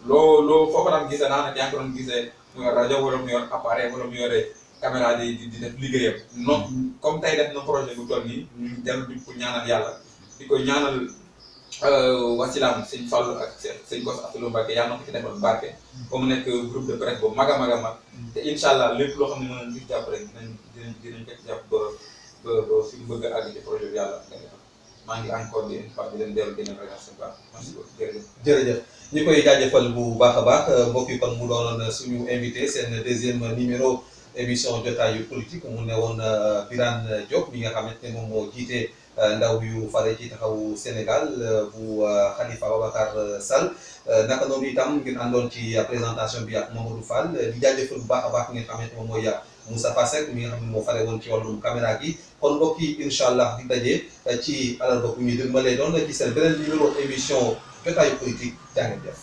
loo loo foo ko daan gisee daanaka yaa ngi ko mu yor rajo wala mu yor appareil wala mu yore caméra di di def liggéeyam. non comme tey na projet bu toll nii ñu dellu di ko ñaanal yàlla di ko ñaanal euh, wasilaam sëñ Fallu ak sëñ Goss Assalou Mbacké yàlla na ko ci defal barke. ba mu nekk groupe de presse bu mag a mag a mag. te incha allah lépp loo xam bëgg a àgg projet yàlla. maa ngi encore di fa di leen dellu di leen remercier bu baax merci beaucoup jërëjëf jërëjëf ñu koy jaajëfal bu baax a baax mbokk yi kon mu doonoon suñu invité seen deuxième numéro émission jotaayu politique mu ne woon euh, Birane Diop mi nga xamante ne moom moo jiite euh, ndaw yu fare ci xaw Sénégal euh, bu Khalifa Babacar Sall naka noonu itam ngeen àndoon ci présentation bi ak Mamadou Fall di jaajëfal baax a baax moom mooy Moustapha Seck mi nga xam ne moo fare woon ci wàllum caméra gi kon mbokk yi incha allah di daje ci alal bopp ñu dëgmalee doon la ci seen beneen numéro émission jotaayu politique jaa ngeen jëf